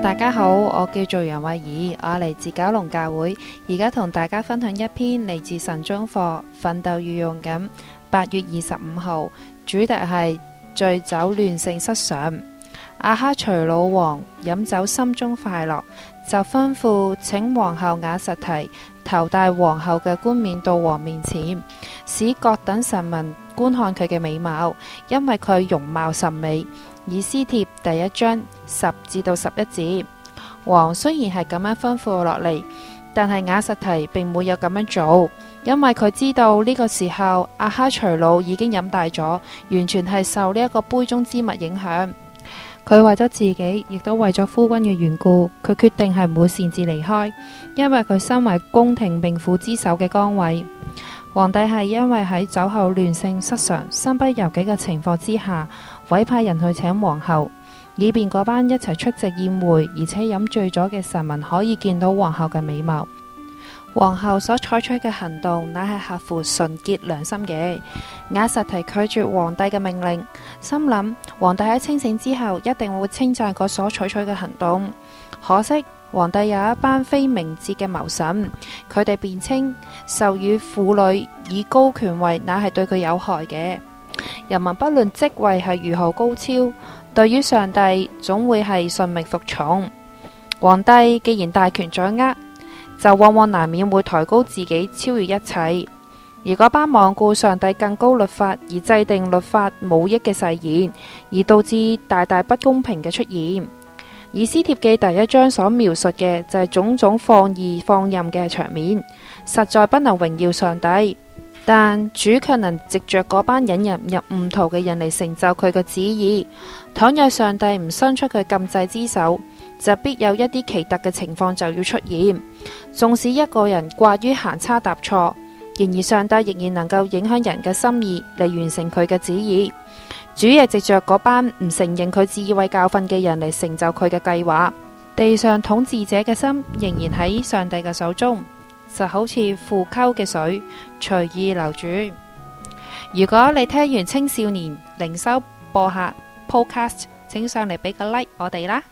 大家好，我叫做楊慧儀，我嚟自九龍教會，而家同大家分享一篇嚟自神宗課奮鬥與勇敢。噉八月二十五號，主題係醉酒亂性失常」。亞哈隨魯王飲酒心中快樂，就吩咐請皇后瓦實提頭戴皇后嘅冠冕到王面前，使各等臣民。觀看佢嘅美貌，因為佢容貌甚美。以斯帖第一章十至到十一節，王雖然係咁樣吩咐落嚟，但係亞實提並沒有咁樣做，因為佢知道呢個時候阿哈隨魯已經飲大咗，完全係受呢一個杯中之物影響。佢為咗自己，亦都為咗夫君嘅緣故，佢決定係唔會擅自離開，因為佢身為宮廷命婦之首嘅崗位。皇帝係因為喺酒後亂性失常，身不由己嘅情況之下，委派人去請皇后，以便嗰班一齊出席宴會，而且飲醉咗嘅神民可以見到皇后嘅美貌。皇后所採取嘅行動，乃係合乎純潔良心嘅。亞實提拒絕皇帝嘅命令，心諗皇帝喺清醒之後，一定會稱讚佢所採取嘅行動。可惜。皇帝有一班非明智嘅謀臣，佢哋辯稱授予婦女以高權位，那係對佢有害嘅。人民不論職位係如何高超，對於上帝總會係順命服從。皇帝既然大權掌握，就往往難免會抬高自己，超越一切。而嗰班罔顧上帝更高律法而制定律法無益嘅誓言，而導致大大不公平嘅出現。以斯帖記第一章所描述嘅就係種種放意放任嘅場面，實在不能榮耀上帝。但主卻能藉着嗰班引人入誤途嘅人嚟成就佢嘅旨意。倘若上帝唔伸出佢禁制之手，就必有一啲奇特嘅情況就要出現。縱使一個人慣於行差踏錯。然而上帝仍然能夠影響人嘅心意嚟完成佢嘅旨意，主亦藉着嗰班唔承認佢智慧教訓嘅人嚟成就佢嘅計劃。地上統治者嘅心仍然喺上帝嘅手中，就好似庫溝嘅水隨意流轉。如果你聽完青少年靈修播客 podcast，請上嚟俾個 like 我哋啦。